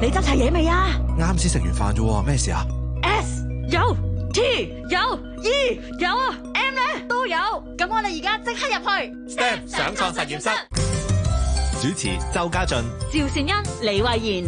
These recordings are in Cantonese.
你執齊嘢未啊？啱先食完飯啫，咩事啊？S 有，T 有，E 有，M 咧都有，咁我哋而家即刻入去。Step 上創實驗室，主持周家俊、趙善恩、李慧妍，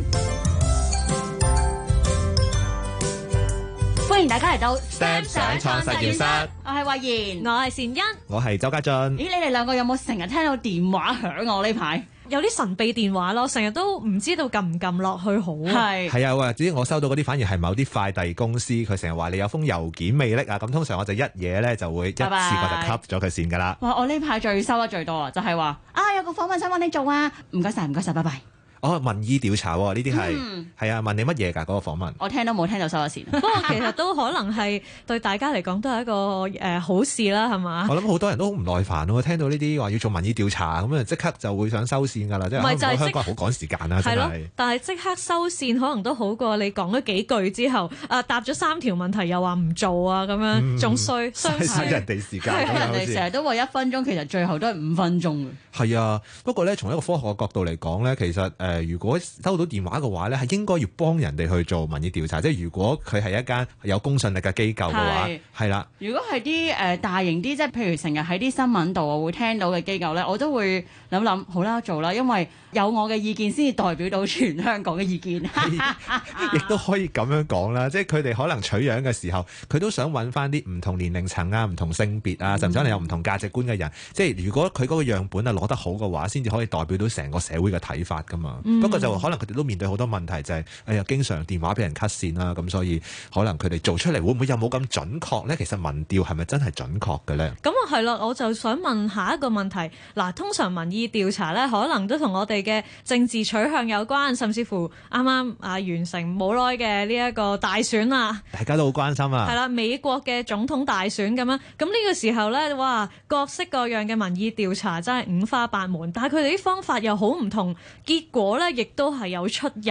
歡迎大家嚟到 Step 上創實驗室。我係慧妍，我係善恩，我係周家俊。咦，你哋兩個有冇成日聽到電話響我呢排？有啲神秘電話咯，成日都唔知道撳唔撳落去好。係係啊，或者我收到嗰啲反而係某啲快遞公司，佢成日話你有封郵件未拎啊。咁通常我就一嘢咧就會一次過就 cut 咗佢線噶啦。哇！我呢排最收得最多啊，就係話啊，有個訪問想揾你做啊，唔該晒，唔該晒，拜拜。我、哦、民意調查喎、啊，呢啲係係啊問你乜嘢㗎嗰個訪問？我聽都冇聽就收咗線了， 不過其實都可能係對大家嚟講都係一個誒、呃、好事啦，係嘛？我諗好多人都好唔耐煩喎、啊，聽到呢啲話要做民意調查咁啊，即刻就會想收線㗎啦，即係、就係啊、香港好趕時間啦、啊，真係、啊。但係即刻收線可能都好過你講咗幾句之後，誒、啊、答咗三條問題又話唔做啊咁樣，仲衰傷人哋時間係咪先？成日、啊、都話一分鐘，其實最後都係五分鐘㗎。係啊，不過咧從一個科學嘅角度嚟講咧，其實誒。呃誒，如果收到電話嘅話咧，係應該要幫人哋去做民意調查。即係如果佢係一間有公信力嘅機構嘅話，係啦。如果係啲誒大型啲，即係譬如成日喺啲新聞度我會聽到嘅機構呢，我都會諗諗好啦，做啦，因為有我嘅意見先至代表到全香港嘅意見。亦 都可以咁樣講啦，即係佢哋可能取樣嘅時候，佢都想揾翻啲唔同年齡層啊、唔同性別啊、甚至係有唔同價值觀嘅人。即係如果佢嗰個樣本啊攞得好嘅話，先至可以代表到成個社會嘅睇法噶嘛。嗯、不過就可能佢哋都面對好多問題，就是，就係誒經常電話俾人 cut 線啦，咁所以可能佢哋做出嚟會唔會有冇咁準確呢？其實民調係咪真係準確嘅呢？咁啊係咯，我就想問下一個問題。嗱，通常民意調查呢，可能都同我哋嘅政治取向有關，甚至乎啱啱啊完成冇耐嘅呢一個大選啊，大家都好關心啊。係啦，美國嘅總統大選咁樣，咁呢個時候呢，哇，各式各樣嘅民意調查真係五花八門，但係佢哋啲方法又好唔同，結果。我咧亦都係有出入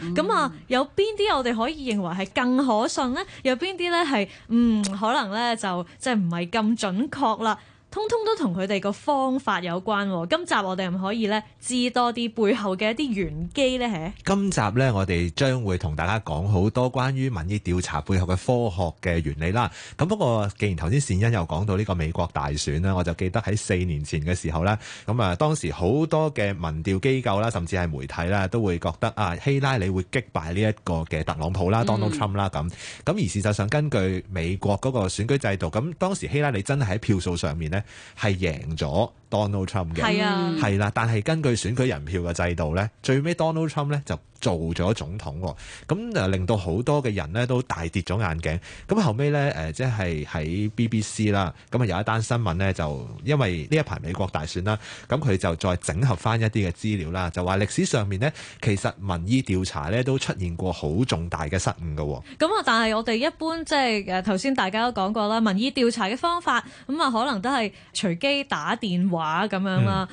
喎。咁啊有邊啲我哋可以認為係更可信呢？有邊啲咧係嗯可能咧就即係唔係咁準確啦？通通都同佢哋個方法有關，哦。今集我哋唔可以咧知多啲背後嘅一啲玄機咧？今集咧，我哋將會同大家講好多關於民意調查背後嘅科學嘅原理啦。咁不過既然頭先善欣又講到呢個美國大選啦，我就記得喺四年前嘅時候啦，咁啊當時好多嘅民調機構啦，甚至係媒體啦，都會覺得啊希拉里會擊敗呢一個嘅特、嗯、特朗普啦，Donald Trump 啦咁。咁而事實上，根據美國嗰個選舉制度，咁當時希拉里真係喺票數上面咧。係贏咗。Donald Trump 嘅係啊，係啦，但係根據選舉人票嘅制度咧，最尾 Donald Trump 咧就做咗總統喎，咁令到好多嘅人咧都大跌咗眼鏡。咁後尾咧誒，即係喺 BBC 啦，咁啊有一單新聞咧就因為呢一排美國大選啦，咁佢就再整合翻一啲嘅資料啦，就話歷史上面呢，其實民意調查咧都出現過好重大嘅失誤㗎。咁啊，但係我哋一般即係誒頭先大家都講過啦，民意調查嘅方法咁啊，可能都係隨機打電話。咁、嗯、啦，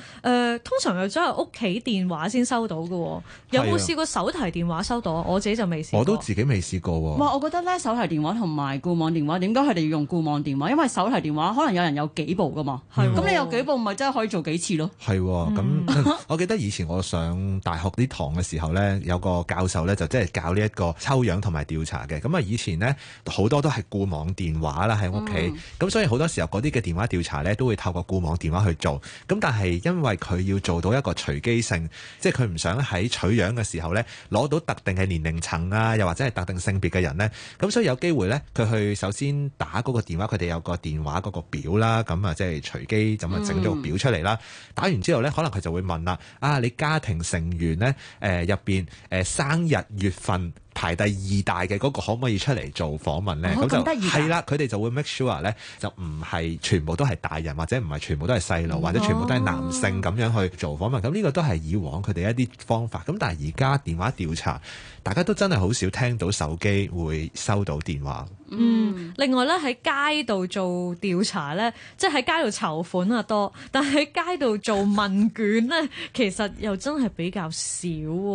通常又真係屋企電話先收到喎。有冇試過手提電話收到？我自己就未試過。我都自己未試過。喎。我覺得咧手提電話同埋固網電話，點解佢哋要用固網電話？因為手提電話可能有人有幾部噶嘛，咁、嗯、你有幾部，咪真係可以做幾次咯。係，咁、嗯、我記得以前我上大學啲堂嘅時候咧， 有個教授咧就真係教呢一個抽樣同埋調查嘅。咁啊，以前呢，好多都係固網電話啦，喺屋企。咁所以好多時候嗰啲嘅電話調查咧，都會透過固網電話去做。咁但係因為佢要做到一個隨機性，即係佢唔想喺取樣嘅時候呢攞到特定嘅年齡層啊，又或者係特定性別嘅人呢。咁所以有機會呢，佢去首先打嗰個電話，佢哋有個電話嗰個表啦，咁啊即係隨機咁啊整咗個表出嚟啦。嗯。打完之後呢，可能佢就會問啦，啊你家庭成員呢？誒入邊誒生日月份。排第二大嘅嗰個可唔可以出嚟做訪問呢？咁、哦、就係啦，佢哋就會 make sure 咧，就唔係全部都係大人或者唔係全部都係細路，或者全部都係男性咁、哦、樣去做訪問。咁呢個都係以往佢哋一啲方法。咁但係而家電話調查，大家都真係好少聽到手機會收到電話。嗯，另外咧喺街度做調查呢，即係喺街度籌款啊多，但係喺街度做問卷呢， 其實又真係比較少、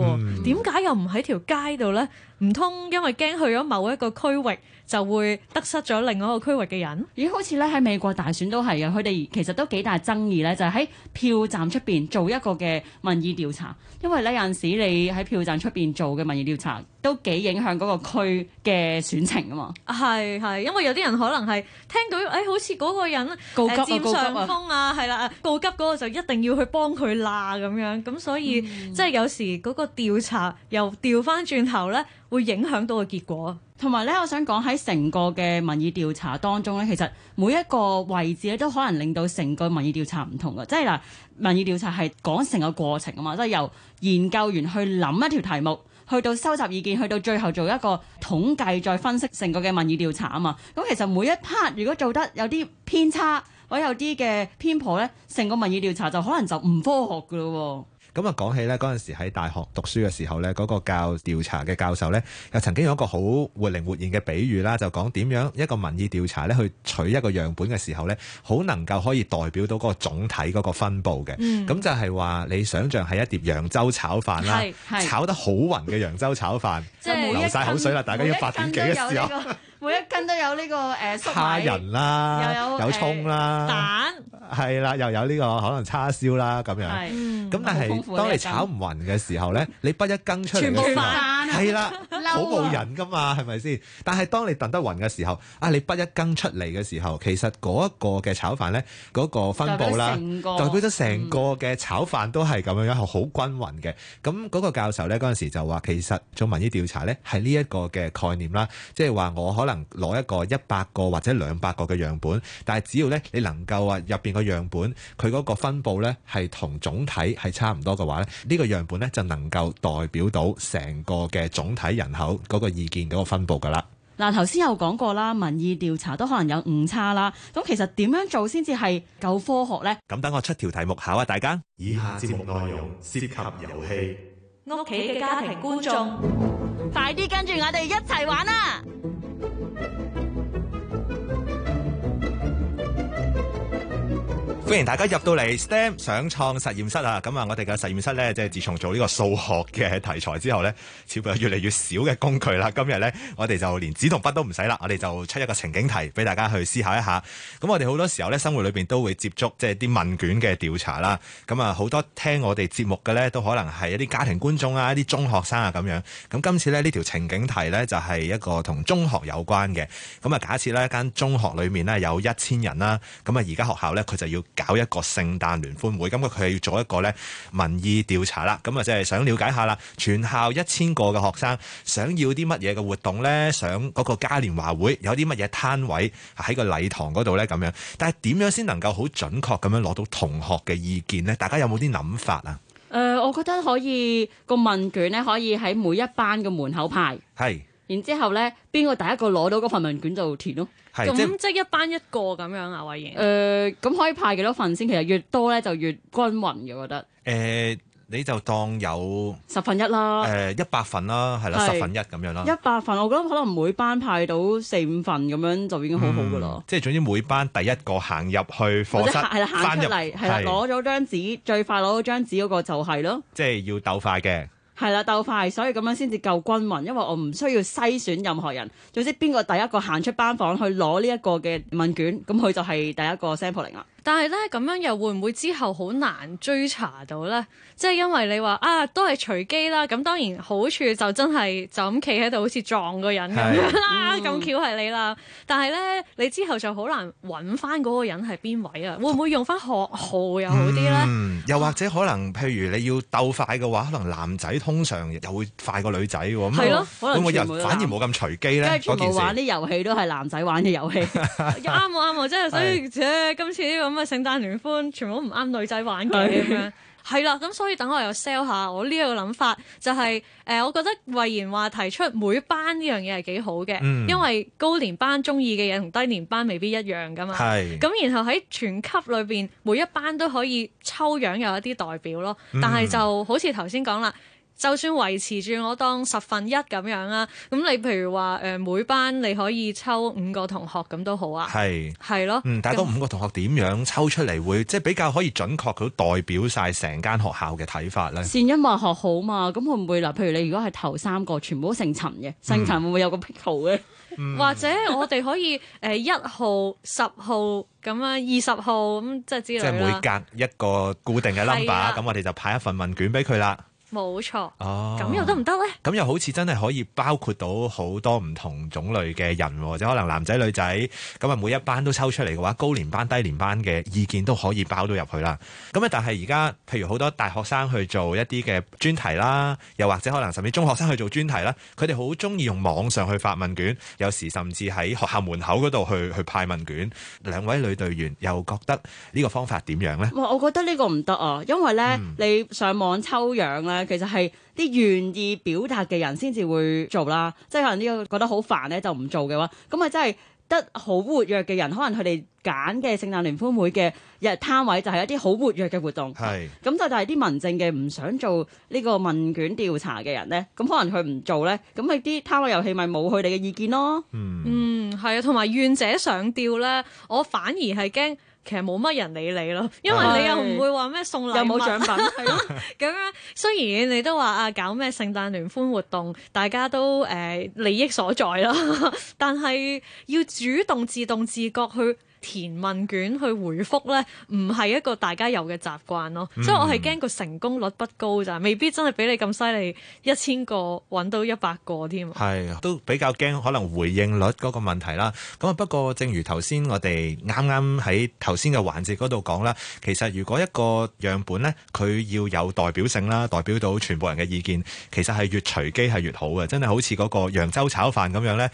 啊。點、嗯、解又唔喺條街度呢？唔通因為驚去咗某一個區域，就會得失咗另外一個區域嘅人。咦？好似咧喺美國大選都係啊，佢哋其實都幾大爭議咧，就係喺票站出邊做一個嘅民意調查，因為咧有陣時你喺票站出邊做嘅民意調查都幾影響嗰個區嘅選情啊嘛。係係，因為有啲人可能係聽到誒，好似嗰個人告急佔上風啊，係啦，告急嗰個就一定要去幫佢嗱咁樣，咁所以即係有時嗰個調查又調翻轉頭咧，會影響到個結果。同埋咧，我想講喺成個嘅民意調查當中咧，其實每一個位置咧都可能令到成個民意調查唔同嘅。即係嗱，民意調查係講成個過程啊嘛，即係由研究員去諗一條題目，去到收集意見，去到最後做一個統計再分析成個嘅民意調查啊嘛。咁其實每一 part 如果做得有啲偏差或者有啲嘅偏頗咧，成個民意調查就可能就唔科學嘅咯。咁啊，講起咧，嗰陣時喺大學讀書嘅時候咧，嗰、那個教調查嘅教授咧，又曾經有一個好活靈活現嘅比喻啦，就講點樣一個民意調查咧，去取一個樣本嘅時候咧，好能夠可以代表到個個總體嗰個分布嘅。咁、嗯、就係話，你想象係一碟揚州炒飯啦，炒得好匀嘅揚州炒飯，即、就是、流晒口水啦！大家要八點幾嘅時候，每一斤都有呢、這個蝦仁啦，有蔥有啦、啊，蛋。係啦，又有呢、這個可能叉燒啦咁樣，咁、嗯、但係、嗯啊、當你炒唔匀嘅時候咧，你不一更出嚟，係啦。 好冇癮㗎嘛，係咪先？但係當你燉得勻嘅時候，啊你不一羹出嚟嘅時候，其實嗰一個嘅炒飯咧，嗰、那個分布啦，代表咗成個嘅、嗯、炒飯都係咁樣樣好均勻嘅。咁、那、嗰個教授咧嗰陣時就話其實做民意調查咧係呢一個嘅概念啦，即係話我可能攞一個一百個或者兩百個嘅樣本，但係只要咧你能夠啊入邊個樣本佢嗰個分布咧係同總體係差唔多嘅話咧，呢個樣本咧就能夠代表到成個嘅總體人。口嗰個意見嗰個分布噶啦，嗱頭先有講過啦，民意調查都可能有誤差啦。咁其實點樣做先至係夠科學咧？咁等我出條題目考下、啊、大家。以下節目內容涉及遊戲，屋企嘅家庭觀眾，快啲跟住我哋一齊玩啊！歡迎大家入到嚟 STEM 想創實驗室啊！咁啊，我哋嘅實驗室呢，即係自從做呢個數學嘅題材之後呢，似乎有越嚟越少嘅工具啦。今日呢，我哋就連紙同筆都唔使啦，我哋就出一個情景題俾大家去思考一下。咁我哋好多時候呢，生活裏面都會接觸即係啲問卷嘅調查啦。咁啊，好多聽我哋節目嘅呢，都可能係一啲家庭觀眾啊，一啲中學生啊咁樣。咁今次呢，呢條情景題呢，就係、是、一個同中學有關嘅。咁啊，假設呢一間中學裏面呢，有一千人啦。咁啊，而家學校呢，佢就要搞一個聖誕聯歡會，咁佢佢要做一個呢民意調查啦，咁啊，即係想了解一下啦，全校一千個嘅學生想要啲乜嘢嘅活動呢？想嗰個嘉年華會有啲乜嘢攤位喺個禮堂嗰度呢？咁樣，但係點樣先能夠好準確咁樣攞到同學嘅意見呢？大家有冇啲諗法啊？誒、呃，我覺得可以、個問卷呢，可以喺每一班嘅門口派係。然之後咧，邊個第一個攞到嗰份問卷就填咯。咁即係一班一個咁樣啊，慧、呃、盈。咁可以派幾多份先？其實越多咧就越均勻嘅，我覺得。誒、呃，你就當有十分一啦。誒、呃，一百份啦，係啦，十分一咁樣啦。一百份我覺得可能每班派到四五份咁樣就已經好好噶咯。即係總之每班第一個行入去課室，行出嚟，翻入嚟係攞咗張紙，最快攞到張紙嗰個就係咯。即係要鬥快嘅。係啦，鬥快，所以咁樣先至夠均勻，因為我唔需要篩選任何人，總之邊個第一個行出班房去攞呢一個嘅問卷，咁佢就係第一個 sampling 啦。但係咧，咁樣又會唔會之後好難追查到咧？即係因為你話啊，都係隨機啦。咁當然好處就真係就咁企喺度，好似撞個人咁樣啦。咁、啊、巧係你啦。但係咧，你之後就好難搵返嗰個人係邊位啊？會唔會用翻學號又好啲咧、嗯？又或者可能譬如你要鬥快嘅話，可能男仔通常又會快過女仔喎。係、嗯、咯，可能會會全部反而冇咁隨機咧。嗰件事全部玩啲遊戲都係男仔玩嘅遊戲，啱喎啱喎，真係所以今次呢、呢個。咁啊，聖誕聯歡全部唔啱女仔玩嘅咁樣，係 啦。咁所以等我又 sell 下我呢一個諗法、就是，就係誒，我覺得魏然話提出每班呢樣嘢係幾好嘅、嗯，因為高年班中意嘅嘢同低年班未必一樣噶嘛。係咁，然後喺全級裏邊每一班都可以抽樣有一啲代表咯，嗯、但係就好似頭先講啦。就算維持住我當十分一咁樣啦，咁你譬如話、呃、每班你可以抽五個同學咁都好啊，係係咯，嗯、但係當五個同學點樣抽出嚟會即係比較可以準確佢代表晒成間學校嘅睇法咧？善因文學好嘛，咁會唔會嗱？譬如你如果係頭三個全部都姓陳嘅，姓陳會唔會有個癖 a 呢？嗯、 或者我哋可以一、呃、號、十號咁樣、二十號咁即係之即係每隔一個固定嘅 number，咁我哋就派一份問卷俾佢啦。冇錯哦，咁又得唔得呢？咁又好似真係可以包括到好多唔同種類嘅人，或者可能男仔女仔，咁啊，每一班都抽出嚟嘅話，高年班低年班嘅意見都可以包到入去啦。咁啊，但係而家譬如好多大學生去做一啲嘅專題啦，又或者可能甚至中學生去做專題啦，佢哋好中意用網上去發問卷，有時甚至喺學校門口嗰度去去派問卷。兩位女隊員又覺得呢個方法點樣呢？我覺得呢個唔得啊，因為呢、嗯、你上網抽樣咧。其實係啲願意表達嘅人先至會做啦，即係可能呢個覺得好煩咧就唔做嘅話，咁咪真係得好活躍嘅人，可能佢哋揀嘅聖誕聯歡會嘅日攤位就係一啲好活躍嘅活動，係咁就係啲文靜嘅唔想做呢個問卷調查嘅人咧，咁可能佢唔做咧，咁咪啲攤位遊戲咪冇佢哋嘅意見咯。嗯，係、嗯、啊，同埋願者上釣咧，我反而係驚。其實冇乜人理你咯，因為你又唔會話咩送禮，又冇獎品係，咁樣雖然你都話啊，搞咩聖誕聯歡活動，大家都誒、呃、利益所在咯，但係要主動、自動、自覺去填問卷去回覆呢，唔係一個大家有嘅習慣咯，嗯，所以我係驚個成功率不高咋，未必真係俾你咁犀利，一千個揾到一百個添。係都比較驚可能回應率嗰個問題啦。咁啊不過正如頭先我哋啱啱喺頭先嘅環節嗰度講啦，其實如果一個樣本呢，佢要有代表性啦，代表到全部人嘅意見，其實係越隨機係越好嘅。真係好似嗰個揚州炒飯咁樣呢。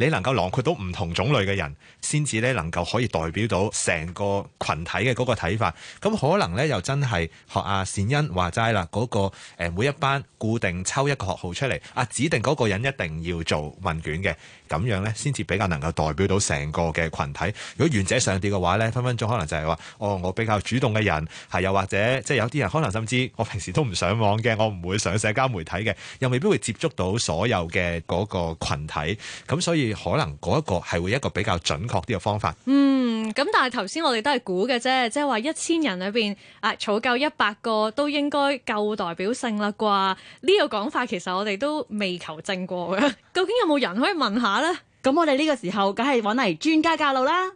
你能夠囊括到唔同種類嘅人，先至咧能夠可以代表到成個群體嘅嗰個睇法。咁可能咧又真係學阿善恩話齋啦，嗰個誒每一班固定抽一個學號出嚟，啊指定嗰個人一定要做問卷嘅。咁樣呢，先至比較能夠代表到成個嘅群體。如果原者上調嘅話呢，分分鐘可能就係話，哦，我比較主動嘅人，又或者即係、就是、有啲人可能甚至我平時都唔上網嘅，我唔會上社交媒體嘅，又未必會接觸到所有嘅嗰個群體。咁所以可能嗰一個係會一個比較準確啲嘅方法。嗯，咁但係頭先我哋都係估嘅啫，即係話一千人裏面啊，儲夠一百個都應該夠代表性啦啩？呢、這個講法其實我哋都未求證過。究竟有冇人可以問下？好啦，咁我哋呢個時候，梗係揾嚟專家教路啦！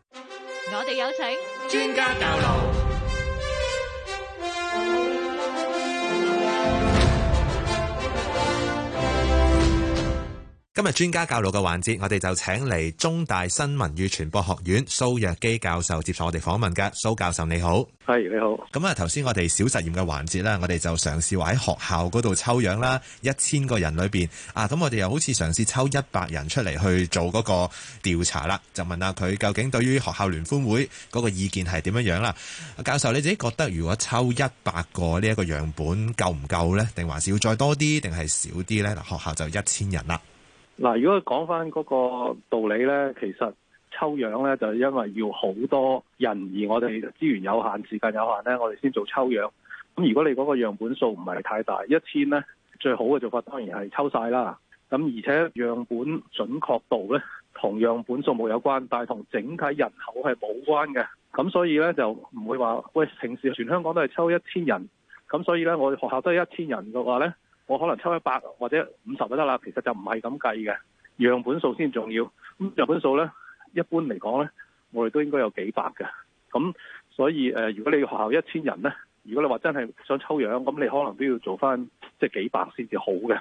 我哋有請專家教路。今日專家教路嘅環節，我哋就請嚟中大新聞與傳播學院蘇若基教授接受我哋訪問嘅。蘇教授你好，係你好。咁啊，頭先我哋小實驗嘅環節啦，我哋就嘗試話喺學校嗰度抽樣啦，一千個人裏邊啊，咁我哋又好似嘗試，試抽一百人出嚟去做嗰個調查啦，就問下佢究竟對於學校聯歡會嗰個意見係點樣樣啦。教授你自己覺得，如果抽一百個呢一個樣本夠唔夠呢？定還是要再多啲，定係少啲呢？學校就一千人啦。嗱，如果講翻嗰個道理呢，其實抽樣呢就係因為要好多人，而我哋資源有限、時間有限呢，我哋先做抽樣。咁如果你嗰個樣本數唔係太大，一千呢最好嘅做法當然係抽晒啦。咁而且樣本準確度呢，同樣本數目有關，但係同整體人口係冇關嘅。咁所以呢，就唔會話喂，平時全香港都係抽一千人。咁所以呢，我哋學校都係一千人嘅話呢，我可能抽一百或者五十都得啦，其實就唔係咁計嘅，樣本數先重要。咁樣本數呢，一般嚟講呢，我哋都應該有幾百嘅。咁所以誒、呃，如果你學校一千人呢，如果你話真係想抽樣，咁你可能都要做翻即係幾百先至好嘅。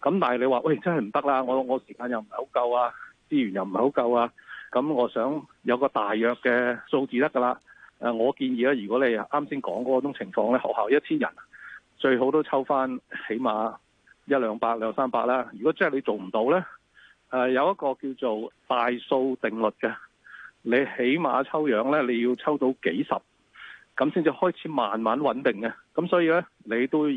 咁但係你話，喂，真係唔得啦，我我時間又唔係好夠啊，資源又唔係好夠啊，咁我想有個大約嘅數字得噶啦。誒，我建議咧，如果你啱先講嗰種情況呢，學校一千人。最好都抽翻，起碼一兩百、兩三百啦。如果真係你做唔到呢，誒、呃、有一個叫做大數定律嘅，你起碼抽樣呢，你要抽到幾十，咁先至開始慢慢穩定嘅。咁所以呢，你都要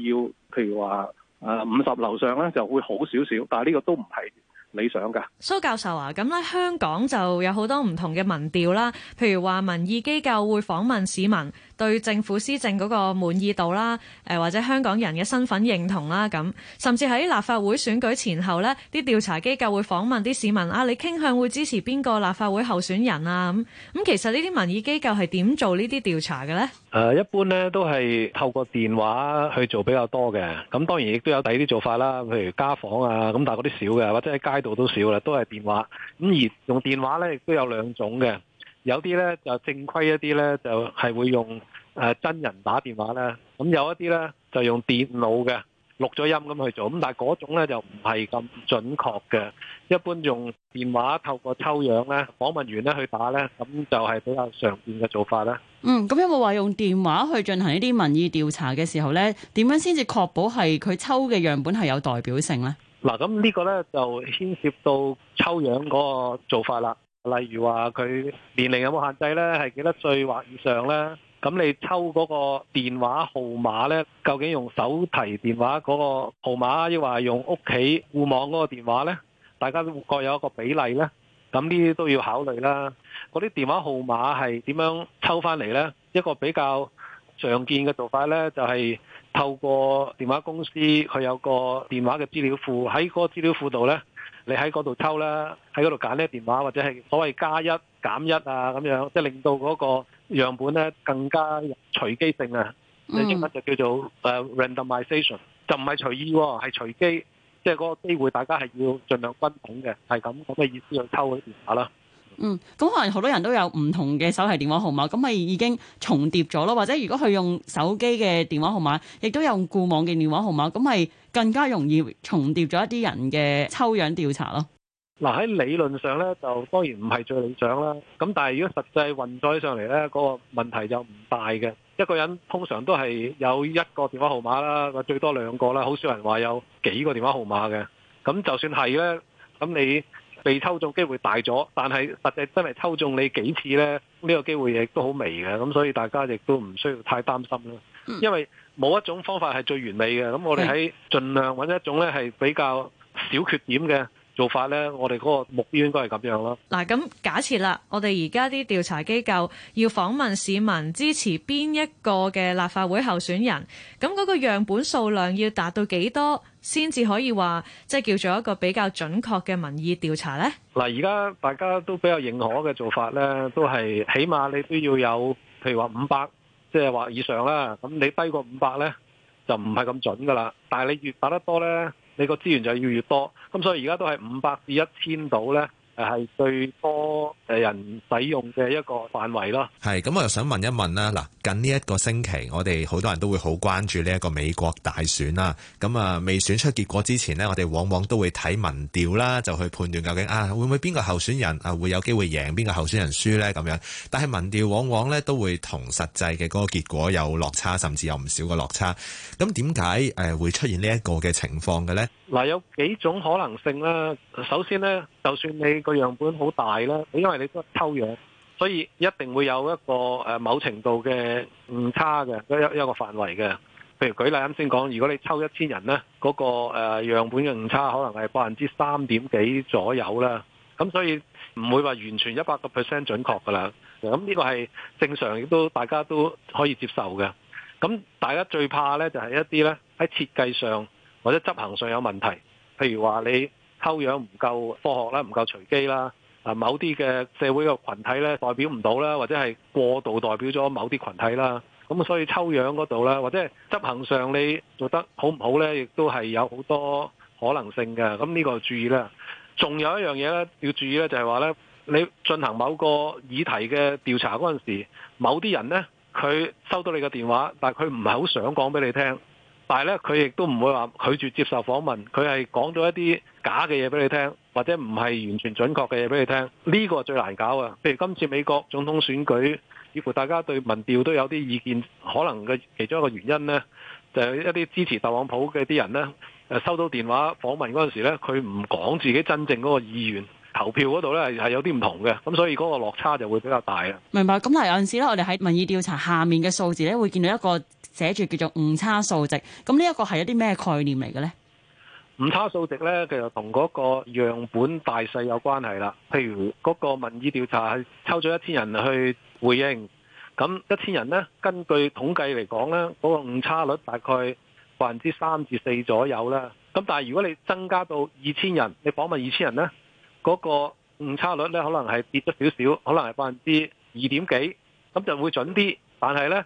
譬如話誒五十樓上呢就會好少少，但係呢個都唔係理想㗎。蘇教授啊，咁咧香港就有好多唔同嘅民調啦，譬如話民意機構會訪問市民。對政府施政嗰個滿意度啦，誒或者香港人嘅身份認同啦咁，甚至喺立法會選舉前後咧，呢啲調查機構會訪問啲市民啊，你傾向會支持邊個立法會候選人啊咁咁，其實呢啲民意機構係點做呢啲調查嘅呢？誒，一般呢都係透過電話去做比較多嘅，咁當然亦都有第二啲做法啦，譬如家訪啊，咁但係嗰啲少嘅，或者喺街道都少啦，都係電話咁，而用電話呢亦都有兩種嘅。有啲咧就正規一啲咧，就係會用誒真人打電話啦。咁有一啲咧就用電腦嘅錄咗音咁去做。咁但係嗰種咧就唔係咁準確嘅。一般用電話透過抽樣咧，訪問員咧去打咧，咁就係、是、比較常見嘅做法啦。嗯，咁有冇話用電話去進行一啲民意調查嘅時候咧，點樣先至確保係佢抽嘅樣本係有代表性咧？嗱，咁呢個咧就牽涉到抽樣嗰個做法啦。例如話佢年齡有冇限制呢？係幾多歲或以上呢？咁你抽嗰個電話號碼呢？究竟用手提電話嗰個號碼，抑或係用屋企互網嗰個電話呢？大家都各有一個比例呢。咁呢啲都要考慮啦。嗰啲電話號碼係點樣抽翻嚟呢？一個比較常見嘅做法呢，就係透過電話公司，佢有個電話嘅資料庫喺嗰個資料庫度呢。你喺嗰度抽啦，喺嗰度揀呢個電話，或者係所謂加一減一啊咁樣，即係令到嗰個樣本咧更加隨機性啊。你英文就叫做誒 randomization，就唔係隨意喎，係隨機，即係嗰個機會大家係要盡量均等嘅，係咁咁嘅意思去抽嗰啲電話啦。嗯，咁可能好多人都有唔同嘅手提電話號碼，咁咪已經重疊咗咯。或者如果佢用手機嘅電話號碼，亦都有用固網嘅電話號碼，咁咪更加容易重疊咗一啲人嘅抽樣調查咯。嗱，喺理論上咧，就當然唔係最理想啦。咁但係如果實際運作起上嚟咧，嗰個問題就唔大嘅。一個人通常都係有一個電話號碼啦，最多兩個啦，好少人話有幾個電話號碼嘅。咁就算係咧，咁你。被抽中機會大咗，但係實際真係抽中你幾次呢？呢個機會亦都好微嘅，咁所以大家亦都唔需要太擔心啦。因為冇一種方法係最完美嘅，咁我哋喺盡量揾一種呢係比較小缺點嘅。做法咧，我哋嗰個目標應該，係咁樣咯。嗱，咁假設啦，我哋而家啲調查機構要訪問市民支持邊一個嘅立法會候選人，咁嗰個樣本數量要達到幾多先至可以話，即係叫做一個比較準確嘅民意調查咧？嗱，而家大家都比較認可嘅做法咧，都係起碼你都要有，譬如話五百，即係話以上啦。咁你低過五百咧，就唔係咁準噶啦。但係你越揼得多咧，你個資源就越嚟越多，咁所以而家都係五百至一千度咧。誒，係最多誒人使用嘅一個範圍咯。係咁，那我又想問一問啦。嗱，近呢一個星期，我哋好多人都會好關注呢一個美國大選啦。咁啊，未選出結果之前呢，我哋往往都會睇民調啦，就去判斷究竟啊會唔會邊個候選人啊會有機會贏，邊個候選人輸呢咁樣。但係民調往往呢都會同實際嘅嗰個結果有落差，甚至有唔少嘅落差。咁點解誒會出現呢一個嘅情況嘅呢？嗱、啊，有幾種可能性啦。首先咧，就算你個樣本好大啦，因為你都抽樣，所以一定會有一個誒某程度嘅誤差嘅一一個範圍嘅。譬如舉例啱先講，如果你抽一千人咧，嗰、那個樣、啊、樣本嘅誤差可能係百分之三點幾左右啦。咁所以唔會話完全一百個 percent 準確噶啦。咁呢個係正常都，亦都大家都可以接受嘅。咁大家最怕咧就係、是、一啲咧喺設計上。或者執行上有問題，譬如話你抽樣唔夠科學啦，唔夠隨機啦，啊某啲嘅社會嘅群體咧代表唔到啦，或者係過度代表咗某啲群體啦，咁所以抽樣嗰度啦，或者係執行上你做得好唔好咧，亦都係有好多可能性嘅，咁呢個注意啦。仲有一樣嘢咧要注意咧，就係話咧，你進行某個議題嘅調查嗰陣時，某啲人咧佢收到你嘅電話，但係佢唔係好想講俾你聽。但係咧，佢亦都唔會話拒絕接受訪問，佢係講咗一啲假嘅嘢俾你聽，或者唔係完全準確嘅嘢俾你聽。呢個最難搞啊！譬如今次美國總統選舉，似乎大家對民調都有啲意見。可能嘅其中一個原因呢，就係一啲支持特朗普嘅啲人呢，誒收到電話訪問嗰陣時呢，佢唔講自己真正嗰個意願，投票嗰度呢，係有啲唔同嘅。咁所以嗰個落差就會比較大啊！明白。咁係有陣時咧，我哋喺民意調查下面嘅數字呢，會見到一個。寫住叫做誤差數值，咁呢一個係一啲咩概念嚟嘅呢？誤差數值呢，其實同嗰個樣本大細有關係啦。譬如嗰個民意調查係抽咗一千人去回應，咁一千人呢，根據統計嚟講呢，嗰個誤差率大概百分之三至四左右啦。咁但係如果你增加到二千人，你訪問二千人呢，嗰個誤差率呢，可能係跌咗少少，可能係百分之二點幾，咁就會準啲。但係呢。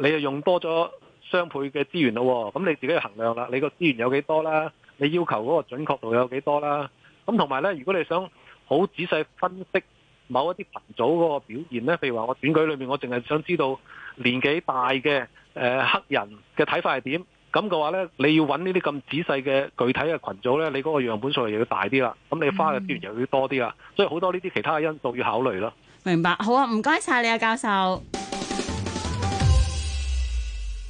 你又用多咗雙倍嘅資源咯，咁你自己要衡量啦。你個資源有幾多啦？你要求嗰個準確度有幾多啦？咁同埋咧，如果你想好仔細分析某一啲群組嗰個表現咧，譬如話我選舉裏面我淨係想知道年紀大嘅、呃、黑人嘅睇法係點，咁嘅話咧，你要揾呢啲咁仔細嘅具體嘅群組咧，你嗰個樣本數又要大啲啦，咁你的花嘅資源又要多啲啦，嗯，所以好多呢啲其他嘅因素要考慮咯。明白，好啊，唔該晒你啊，教授。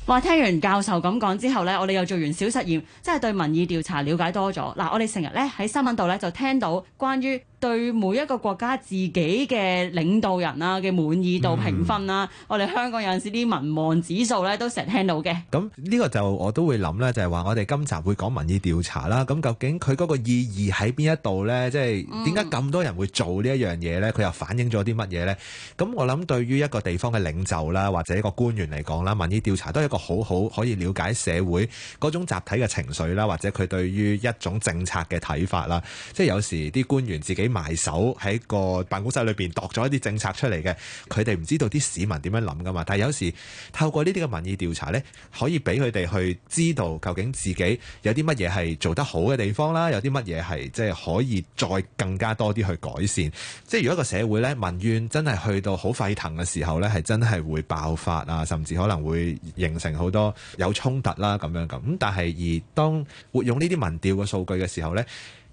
話聽完教授咁講之後呢，我哋又做完小實驗，真係對民意調查了解多咗。嗱，我哋成日咧喺新聞度咧就聽到關於對每一個國家自己嘅領導人啦嘅滿意度評分啦、嗯，我哋香港有陣時啲民望指數咧都成日聽到嘅。咁、嗯、呢個就我都會諗、就是、呢，就係話我哋今集會講民意調查啦。咁究竟佢嗰個意義喺邊一度呢？即係點解咁多人會做呢一樣嘢呢？佢又反映咗啲乜嘢呢？咁我諗對於一個地方嘅領袖啦，或者一個官員嚟講啦，民意調查都係。一個好好可以了解社會嗰種集體嘅情緒啦，或者佢對於一種政策嘅睇法啦，即係有時啲官員自己埋手喺個辦公室裏邊度咗一啲政策出嚟嘅，佢哋唔知道啲市民點樣諗噶嘛。但係有時透過呢啲嘅民意調查咧，可以俾佢哋去知道究竟自己有啲乜嘢係做得好嘅地方啦，有啲乜嘢係即係可以再更加多啲去改善。即係如果一個社會咧民怨真係去到好沸騰嘅時候咧，係真係會爆發啊，甚至可能會形。成好多有衝突啦，咁樣咁，咁但係而當活用呢啲民調嘅數據嘅時候咧，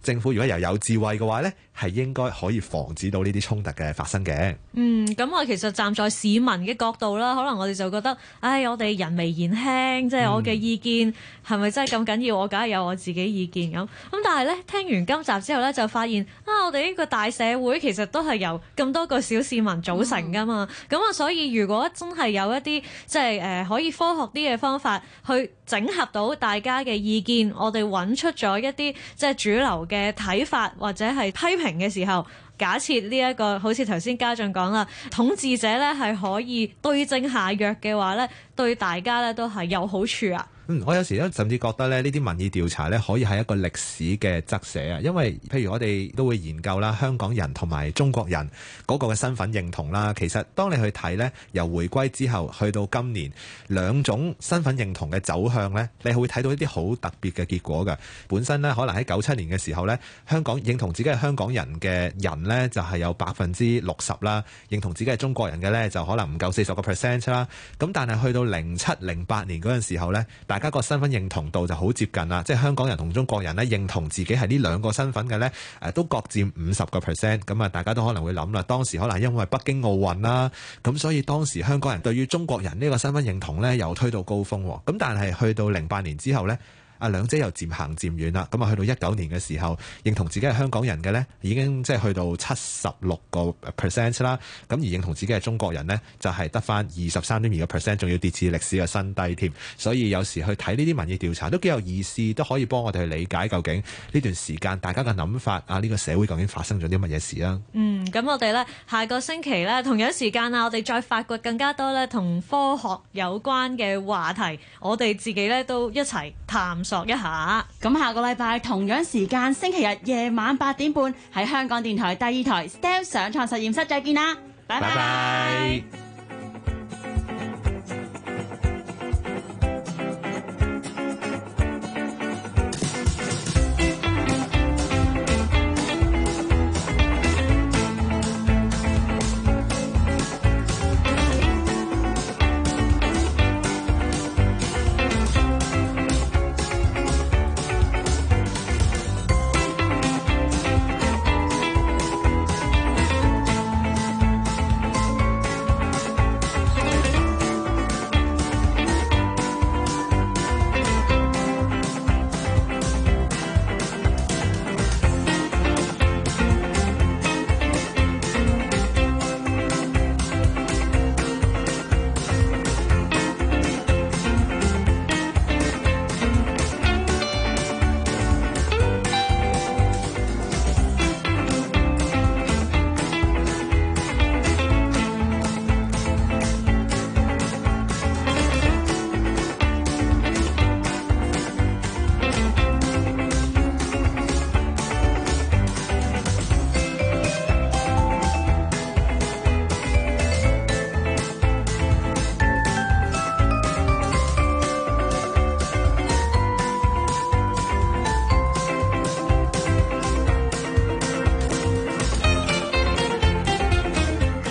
政府如果又有智慧嘅話，呢係應該可以防止到呢啲衝突嘅發生嘅。嗯，咁我其實站在市民嘅角度啦，可能我哋就覺得，唉，我哋人微言輕，即、嗯、係我嘅意見係咪真係咁緊要？我梗係有我自己意見咁。咁但係呢，聽完今集之後呢，就發現啊，我哋呢個大社會其實都係由咁多個小市民組成㗎嘛。咁、嗯、啊，所以如果真係有一啲即係誒可以科學啲嘅方法去。整合到大家嘅意見，我哋揾出咗一啲即係主流嘅睇法或者係批評嘅時候，假設呢一個好似頭先嘉俊講啦，統治者咧係可以對症下藥嘅話咧，對大家咧都係有好處啊！嗯，我有時咧甚至覺得咧，呢啲民意調查呢可以係一個歷史嘅側寫啊，因為譬如我哋都會研究啦，香港人同埋中國人嗰個嘅身份認同啦。其實，當你去睇呢由回歸之後去到今年兩種身份認同嘅走向呢，你會睇到一啲好特別嘅結果㗎。本身呢可能喺九七年嘅時候呢，香港認同自己係香港人嘅人呢就係有百分之六十啦，認同自己係中國人嘅呢就可能唔夠四十個 percent 啦。咁但係去到零七零八年嗰陣時候呢大家個身份認同度就好接近啦，即係香港人同中國人咧認同自己係呢兩個身份嘅呢，誒都各佔五十個 percent。咁啊，大家都可能會諗啦，當時可能因為北京奧運啦，咁所以當時香港人對於中國人呢個身份認同呢，又推到高峰。咁但係去到零八年之後呢。啊兩者又漸行漸遠啦，咁啊去到一九年嘅時候，認同自己係香港人嘅呢已經即係去到七十六個 percent 啦。咁而認同自己係中國人呢，就係得返二十三點二個 percent，仲要跌至歷史嘅新低添。所以有時去睇呢啲民意調查都幾有意思，都可以幫我哋去理解究竟呢段時間大家嘅諗法啊，呢個社會究竟發生咗啲乜嘢事啦。嗯，咁我哋呢下個星期呢，同樣時間啊，我哋再發掘更加多呢同科學有關嘅話題，我哋自己呢都一齊探索一下，咁下個禮拜同樣時間，星期日夜晚八點半喺香港電台第二台 Step 上創實驗室再見啦，拜拜。Bye bye